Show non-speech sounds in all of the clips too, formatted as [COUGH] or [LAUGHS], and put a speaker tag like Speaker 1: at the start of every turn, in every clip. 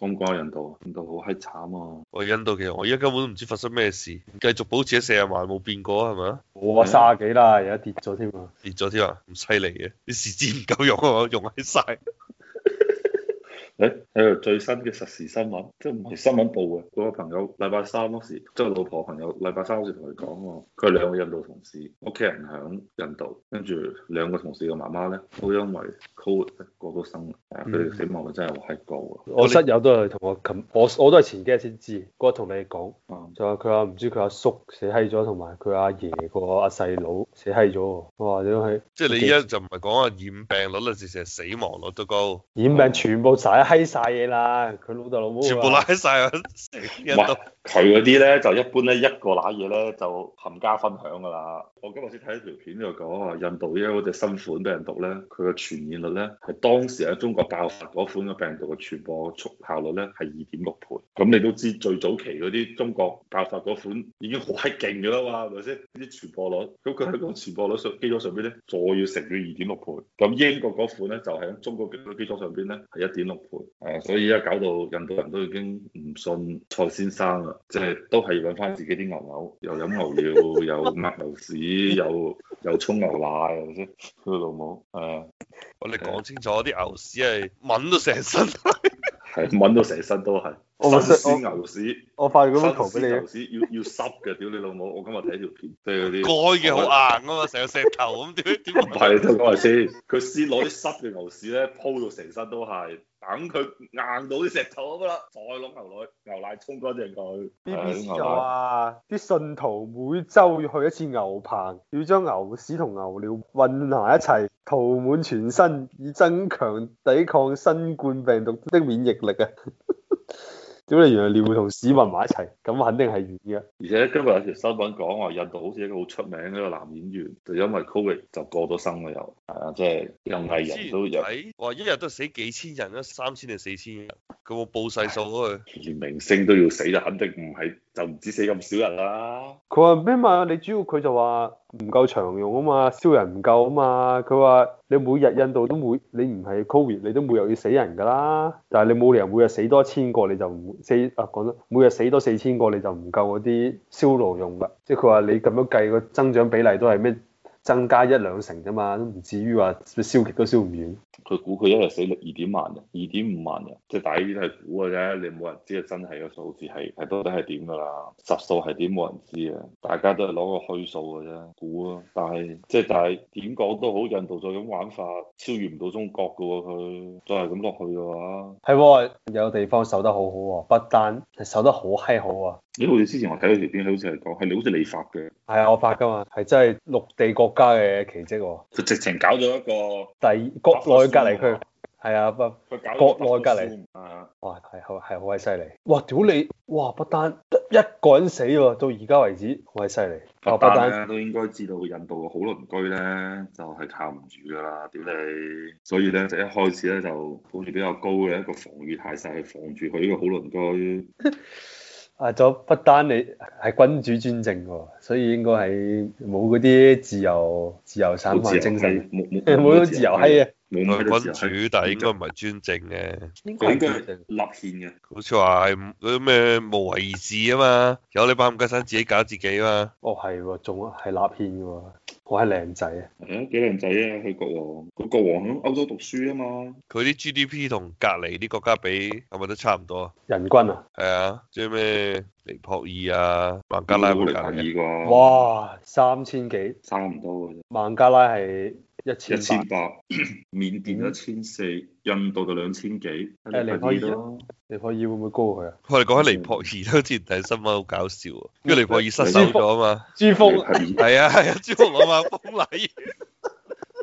Speaker 1: 咁怪印度，印度好閪慘啊！我、哦、印度其實我而家根本都唔知發生咩事，繼續保持喺四啊萬冇變過啊，係咪
Speaker 2: 啊？我三啊幾啦，而家跌咗添
Speaker 1: 啊！跌咗添啊！咁犀利嘅，
Speaker 2: 啲資金唔夠用啊，用喺晒。
Speaker 1: 喺喺度最新嘅實時新聞，即係唔係新聞報啊。嗰個朋友禮拜三嗰時，即係老婆朋友禮拜三嗰時同佢講喎，佢係兩個印度同事，屋企人響印度，跟住兩個同事嘅媽
Speaker 2: 媽咧，都因為 COVID 過咗身，佢哋死亡率真係好高啊！嗯、我，的我室友都係同我，我我都係前幾日先知，嗰日同你講，嗯、就話佢話唔知佢阿叔，叔死閪咗，同埋佢阿爺個阿細佬死閪咗。佢哇！點解？即係你依家
Speaker 1: 就唔係講啊染病率啦，直情死亡率都高，
Speaker 2: 嗯、染病全部死。批晒嘢啦！佢老豆老母全部拉晒
Speaker 1: 啊！佢嗰啲咧就一般咧，一個揦嘢咧就冚家分享噶啦。我今日先睇咗條片就，就講印度呢一隻新款病毒咧，佢嘅傳染率咧係當時喺中國爆發嗰款嘅病毒嘅傳播速效率咧係二點六倍。咁你都知最早期嗰啲中國爆發嗰款已經好閪勁噶啦嘛，係咪先呢啲傳播率？咁佢喺個傳播率上基礎上邊咧，再要乘以二點六倍。咁英國嗰款咧就喺中國嘅基礎上邊咧係一點六。誒，所以依家搞到印度人都已經唔信蔡先生啦，即係都係搵翻自己啲牛牛，又飲牛，又牛，又又牛又，又飲的牛尿，又抹牛屎，又又沖牛奶，係咪先？佢老母，誒，我你講清楚，啲牛屎係搵到成身，係搵到成身都係牛屎。我發咗張圖俾你，牛屎要要濕嘅，屌你老母！我今日睇條片，即係啲乾嘅好硬啊嘛，成個石球石頭咁，點點？唔係你聽我話先，佢先攞啲濕嘅牛屎咧，鋪到成身都係。等佢硬到啲石頭咁啦，再攞牛奶，牛奶沖乾淨佢。
Speaker 2: BBC 就話，啲信徒每週要去一次牛棚，要將牛屎同牛尿混合一齊，塗滿全身，以增強抵抗新冠病毒的免疫力嘅。 [LAUGHS] 咁你原來尿同市民埋一齊，咁肯定係願意啊。
Speaker 1: 而且今日有條新聞講話，印度好似一個好出名嘅一個男演員，就因為 Covid 就過咗身啦，又係啊，即係又藝人都又話 [MUSIC] 一日都死幾千人啊，三千定四千人，佢冇報晒數去，連明星都要死就肯定唔係就唔止死咁少人啦。
Speaker 2: 佢話，起碼你主要佢就話。唔夠長用啊嘛，燒人唔夠啊嘛。佢話你每日印度都每，你唔係 covid，你都每日要死人噶啦。但係你冇理由每日死多一千個，你就唔死。啊講啦。每日死多四千個，你就唔夠嗰啲燒爐用噶。即係佢話，你咁樣計個增長比例都係咩？增加一兩成啫嘛，都唔至於話燒極都燒唔完。佢估佢一日死二點萬人，二點五萬人，即係大呢啲都係估嘅
Speaker 1: 啫。你冇人知啊，真係嘅數字係係到底係點㗎啦？十數係點冇人知啊！大家都係攞個虛數嘅啫，估咯。但係即係但係點講都好，印度就咁玩
Speaker 2: 法，超越唔到中國嘅喎佢，都係咁落去嘅話。係喎，有地方守得好好，啊，不單係守得好閪好啊。咦，你好似之前我睇
Speaker 1: 到條片，你好似係講，係你好似你發
Speaker 2: 嘅，係啊，我發噶嘛，係真係陸地國家嘅奇蹟，啊，佢直情搞咗一個第國內隔離區，係啊，不國內隔離，隔啊、哇，係好係好鬼犀利，哇，屌你，哇，不丹得一個人死喎，到而家為止，好鬼犀利，不丹，不丹、啊、都
Speaker 1: 應該知道印度嘅好鄰居咧就係、是、靠唔住噶啦，
Speaker 2: 屌你，所以咧就一開始咧就好似比較高嘅一個防禦態勢，係防住佢呢個好鄰居。 [LAUGHS] 啊！咗不單你係君主專政喎，所以應該係冇嗰啲自由、自由散漫精神，冇冇自由。係啊，君主，的但係應該
Speaker 1: 唔係專政嘅，應該立憲嘅。好似話係咩無為而治啊嘛，有你班冚家鏟自己搞自己啊嘛。哦，
Speaker 2: 係喎，仲係立憲嘅喎。我係靚仔啊！誒，幾靚仔啊！佢國王，佢國王響歐
Speaker 1: 洲讀書啊嘛。佢啲 GDP 同隔籬啲國家比係咪都差唔多啊？人均啊？係啊，即係咩尼泊爾啊、孟加拉都零二個。嗯、哇！
Speaker 2: 三千幾，差唔多嘅啫。孟加拉係。一千一千八，
Speaker 1: 緬甸一千四，印度就兩千幾。誒，尼泊爾，尼泊爾會唔會高佢啊？我哋講起尼泊爾嗰次睇新聞好搞笑，啊。 [LAUGHS] 因為尼泊爾失手咗啊嘛。珠峰係啊係啊，珠峰
Speaker 2: 攞埋封禮。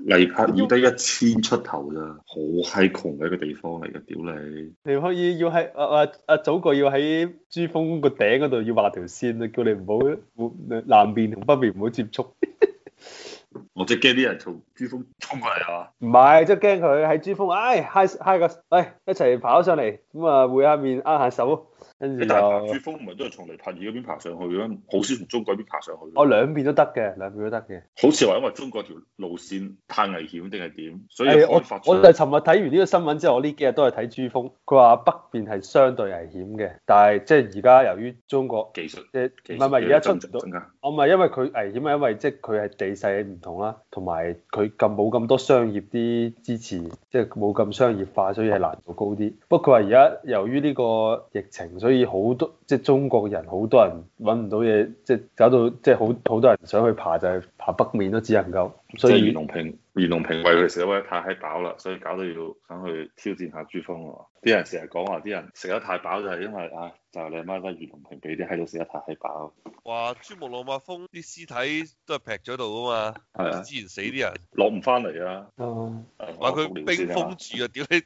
Speaker 1: 尼泊爾都 [LAUGHS] 一千出頭咋，好閪窮嘅一個地方嚟嘅，屌你！
Speaker 2: 尼泊爾要喺啊啊阿祖哥要喺珠峰個頂嗰度要畫條線啊，叫你唔好南邊同北邊唔好接觸。 [LAUGHS] 我即係驚啲人從珠峰衝過嚟啊！唔係，即係驚佢喺珠峰，唉、哎，嗨嗨個，唉，一齊跑上嚟，咁啊，會下面握下手。跟住，但珠峰唔係
Speaker 1: 都係從尼泊爾嗰邊爬上去嘅咩？好少從中國邊爬
Speaker 2: 上去。我兩邊都得嘅，兩邊都得嘅。好似話因為
Speaker 1: 中國條路線太危險定係點？所以、欸、我我就係尋
Speaker 2: 日睇完呢個新聞之後，我呢幾日都係睇珠峰。佢話北邊係相對危險嘅，但係即係而家由於中國技術，即係唔係唔係而家出唔到。我唔係因為佢危險，係因為即係佢係地勢唔同啦，同埋佢咁冇咁多商業啲支持，即係冇咁商業化，所以係難度高啲。不過佢話而家由於呢個疫情。所以好多即係、就是、中國人，好多人揾唔到嘢，即、就、係、是、搞到即係好好多人想去爬就係、是、爬北面都只能夠。即係袁隆平，袁隆
Speaker 1: 平喂佢食一碗太閪飽啦，所以搞到要想去挑戰下珠峰喎。啲人成日講話，啲人食得太飽就係因為啊、哎，就係、是、你阿媽得袁隆平俾啲閪佬食一太閪飽。話珠穆朗瑪峯啲屍體都係劈咗喺度噶嘛，之前死啲人攞唔翻嚟啊。
Speaker 2: 話佢、啊啊、冰封
Speaker 1: 住啊，點解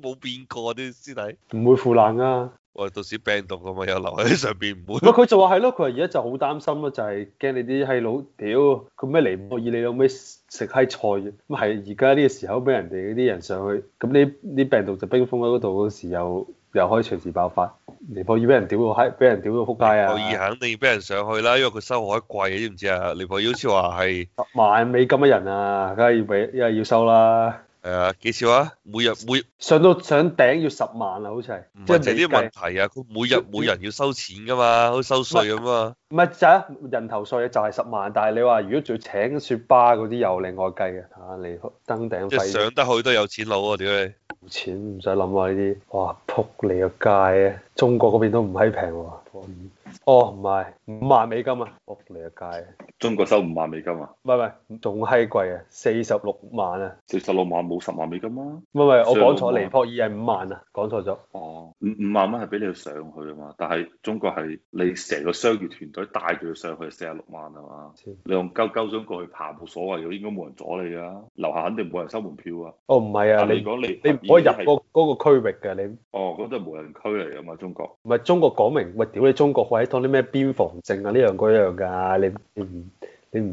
Speaker 1: 冇變過啲、啊、屍體、
Speaker 2: 啊？唔會腐爛噶。我哋
Speaker 1: 到時病毒咁嘛，又留喺上邊唔會。唔係佢
Speaker 2: 就話係咯，佢而家就好擔心咯，就係驚你啲閪佬屌佢咩尼泊爾，你有咩食閪菜？咁係而家呢個時候俾人哋嗰啲人上去，咁呢啲病毒就冰封喺嗰度，嗰時又又可以隨時爆發。尼泊爾要俾人屌到閪，俾人屌到扑街啊！可以肯
Speaker 1: 定要俾人上去啦，因為佢收好貴，你知唔知啊？尼泊爾好似話係
Speaker 2: 十萬美金嘅人啊，梗係要俾，梗係要收啦。
Speaker 1: 係幾少啊？每日每日
Speaker 2: 上到上頂要十萬啊，好似係即係淨啲問
Speaker 1: 題啊？佢計每日，每，日、嗯、每人要收錢噶嘛，好似收稅咁嘛。
Speaker 2: 唔係就係人頭稅就係十萬，但係你話如果仲要請雪巴嗰啲又另外計嘅吓，嚟、啊、登頂即係上得去都有錢佬啊，點解冇錢唔使諗啊？呢啲哇撲你個街嘅，中國嗰邊都唔閪平喎。哦，唔係五萬美金啊，撲你一街，中國收五萬美金啊？唔係唔係，仲係貴啊，四十六萬啊，四
Speaker 1: 十六萬冇十萬美金啊？
Speaker 2: 唔係唔係，我講錯嚟，尼泊爾係五萬啊，講錯咗。哦，五
Speaker 1: 五萬蚊係俾你上去啊嘛，但係中國係你成個商業團隊帶住佢上去四十六萬啊嘛？的你用鳩鳩想過去爬冇所謂嘅，應該冇人阻你啊，樓下肯定冇人收
Speaker 2: 門票啊。哦，唔係啊，你講你你唔可以入嗰個區域嘅你。你你你哦，嗰度無人區嚟啊嘛，中國。唔係中國講明，喂，屌你中國睇到啲咩邊防證啊，呢樣嗰樣噶，你你唔你唔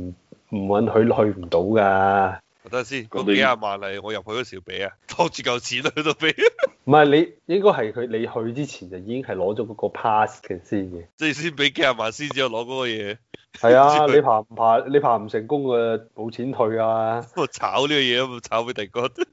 Speaker 2: 唔允許去唔到噶。等下先，嗰幾廿
Speaker 1: 萬嚟，我入去嗰時俾啊，拖住嚿錢去到俾。
Speaker 2: 唔係你應該係佢你去之前就已經係攞咗嗰個 pass 嘅先嘅，即
Speaker 1: 係先俾幾廿萬先至有攞嗰個嘢。
Speaker 2: 係啊，去你爬唔爬？你爬唔成功嘅冇錢退啊。不過炒呢個嘢炒俾第哥。 [LAUGHS]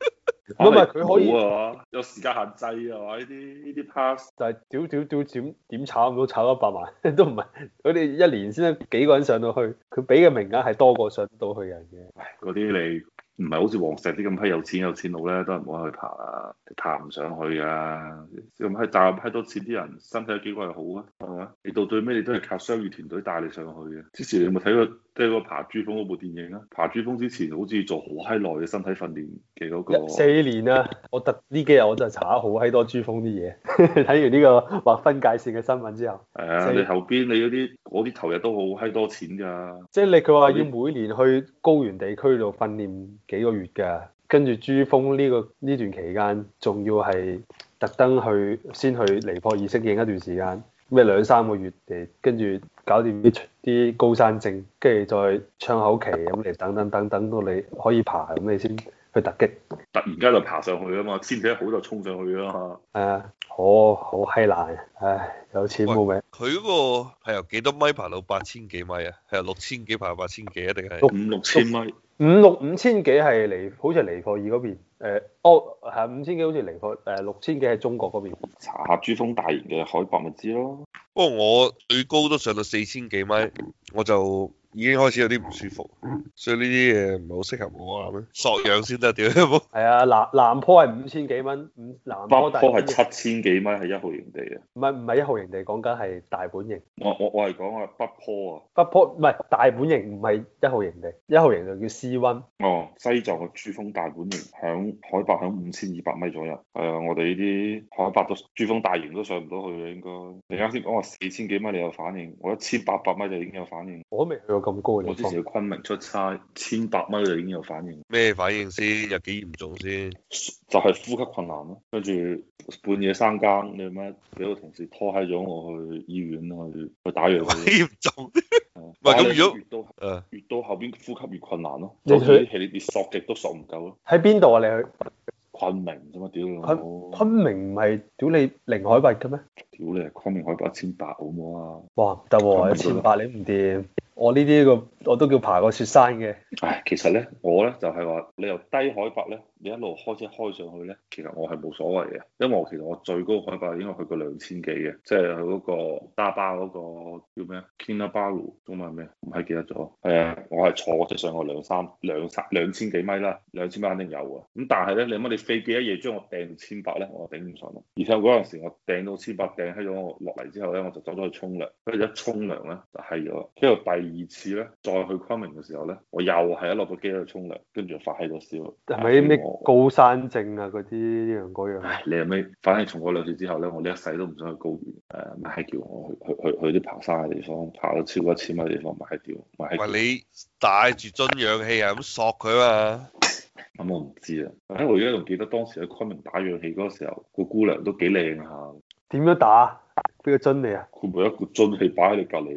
Speaker 1: 唔係佢可以
Speaker 2: 有時間限制啊嘛？呢啲呢啲 pass 就係屌屌屌點點炒唔到，炒一百萬都唔係，佢哋一年先得幾個人上到去，佢俾嘅名額係多過上到去的人
Speaker 1: 嘅。嗰啲、哎、你唔係好似王石啲咁批有錢有錢佬咧，都係唔好去爬，啊。你爬唔上去啊！咁喺賺咗多錢啲人，身體有幾鬼好啊？係咪啊？你到最尾，你都係靠商業團隊帶你上去嘅，之前你有冇睇過？即係個爬珠峰嗰部電影啊！爬珠峰之前好似做好嗨耐嘅身體訓練嘅嗰個四
Speaker 2: 年啊！我特呢幾日我就查查好嗨多珠峰啲嘢，睇 [LAUGHS] 完呢個劃分界線嘅新聞之後，係、啊、你後
Speaker 1: 邊你嗰啲嗰啲投入都好嗨多錢㗎。即
Speaker 2: 係你佢話要每年去高原地區度訓練幾個月㗎，跟住珠峰呢、這個呢段期間，仲要係特登去先去尼泊爾適應一段時間。咩兩三個月嚟，跟住搞掂啲高山症，跟住再窗口期咁嚟等等等等，等到你可以爬咁你先。去突擊，突
Speaker 1: 然間就爬上去啊嘛！天氣一好就衝上去啊嘛！誒、啊，
Speaker 2: 好，好閪難唉，有錢冇命。
Speaker 1: 佢嗰個係由幾多米爬到八千幾米啊？係由六千幾爬到八千幾，定係五六千米？
Speaker 2: 五六五千幾係離，好似係尼泊爾嗰邊誒？哦、呃，係五千幾好似尼泊誒？六千幾係中國嗰邊？
Speaker 1: 查下珠峰大營嘅海拔咪知咯。不過我最高都上到四千幾米，我就。已經開始有啲唔舒服，所以呢啲嘢唔係好適合我啊？咩？索養先得，屌！係啊，
Speaker 2: 南南坡係五千幾蚊，南坡大坡係七
Speaker 1: 千幾蚊，係一號營
Speaker 2: 地啊。唔係唔係一號營地，講緊係大本營。我我我係講啊北坡啊。北坡唔係大本營，唔係一號營地，一號營就叫 C1。哦，西藏嘅珠峰大本營，響海拔響五千二百米左右。
Speaker 1: 係、呃、啊，我哋呢啲海拔到珠峰大營都上唔到去啊，應該。你啱先講話四千幾米你有反應，我一千八百米就已經有反應。
Speaker 2: 我都未去過。咁高我之前去
Speaker 1: 昆明出差，千百蚊就已經有反應。
Speaker 2: 咩反應先？有幾
Speaker 1: 嚴重先？ [LAUGHS] 就係呼吸困難咯，跟住半夜三更，你唔知幾個同事拖開咗我去醫院去去打藥。幾嚴不重？唔係咁，如果 [LAUGHS] 越多，越多後邊呼吸越困難咯。好係你連索極都索唔夠咯。
Speaker 2: 喺邊度啊？你去昆明啫嘛？屌，昆昆明唔係屌你零海拔嘅咩？屌你！昆明海拔一千八好唔好啊？哇唔得喎！千八你唔掂。我呢啲我都叫爬過雪山嘅。唉，其實咧，我咧就係話，
Speaker 1: 你由低海拔咧，你一路開車開上去咧，其實我係冇所謂嘅，因為我其實我最高海拔應該去過兩千幾嘅，即係去嗰個沙巴嗰個叫咩啊，Kinabalu 中文係咩？唔係記得咗。啊，我係坐車上過兩三兩三兩千幾米啦，兩千米肯定有啊。咁但係咧，你乜你飛機一夜將我掟千百咧，我頂唔順啊！而且我嗰陣時我掟到千百掟喺咗，我落嚟之後咧，我就走咗去沖涼。跟住一沖涼咧就係咗，跟住第二次咧再我去昆明嘅時候咧，我又係一落個機喺度沖涼，跟住發起咗燒，係咪咩
Speaker 2: 高山症啊嗰啲樣嗰樣？樣
Speaker 1: 你係咪反正從嗰兩次之後咧，我呢一世都唔想去高原。誒、呃，唔係叫我去去去去啲爬山嘅地方，爬到超過一千米嘅地方埋掉，叫。唔係你帶住樽氧氣啊，咁索佢啊咁我唔知啊，我依家仲記得當時喺昆明打氧氣嗰個時候，個姑
Speaker 2: 娘都幾靚
Speaker 1: 下。點樣打？俾個樽你啊！佢冇一個樽你擺喺你隔籬，有一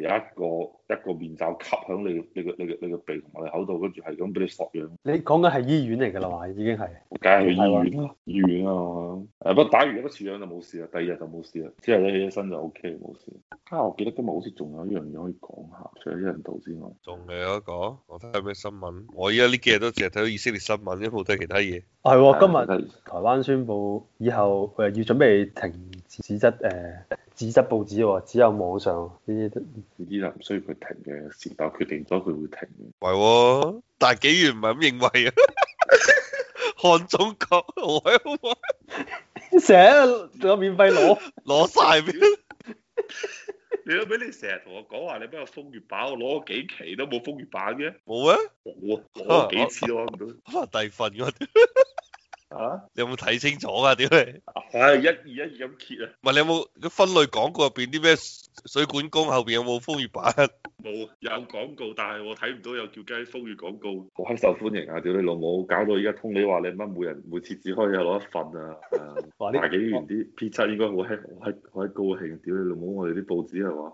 Speaker 1: 個一個面罩吸響你，你個你個你個鼻同埋你口度，跟住係咁俾你索氧。
Speaker 2: 你講緊係醫院嚟㗎啦嘛，已經係梗係
Speaker 1: 去醫院的醫院啊！誒，不過打完一個次氧就冇事啦，第二日就冇事啦，之後你起身就 OK 冇事。嚇、啊！我記得今日好似仲有一樣嘢可以講下，除咗醫人道之外，仲未有一個我睇下咩新聞。我依家呢幾日都淨係睇到以色列新聞，部都冇睇其他嘢。
Speaker 2: 係、哦，今日台灣宣布以後誒要準備停止質誒。呃紙質報紙，只有網上呢啲。呢啲就唔需要佢停嘅，時代決定咗佢會停。
Speaker 1: 係、啊，但係紀元唔係咁認為啊。 [LAUGHS]
Speaker 2: 看中國，我成日仲有免費攞，攞晒邊？
Speaker 1: 你俾你成日同我講話，你俾我風月版，我攞咗幾期都冇風月版嘅。冇嗎啊？冇 [LAUGHS] 啊，攞幾次攞唔到。可能第二份嗰啊？你有冇睇清楚啊？屌你！唉，一二一二咁揭啊！問你有冇個分類廣告入邊啲咩水管工，後邊有冇風雨板？冇，有廣告，但係我睇唔到有叫雞風雨廣告好黑受歡迎啊！屌你老母，搞到而家通你話你乜？每人每次只可以攞一份啊！呃、 [LAUGHS] 哇大紀元啲 P7 應該好 hit，好嗨好嗨高興！屌你老母，我哋啲報紙係嘛。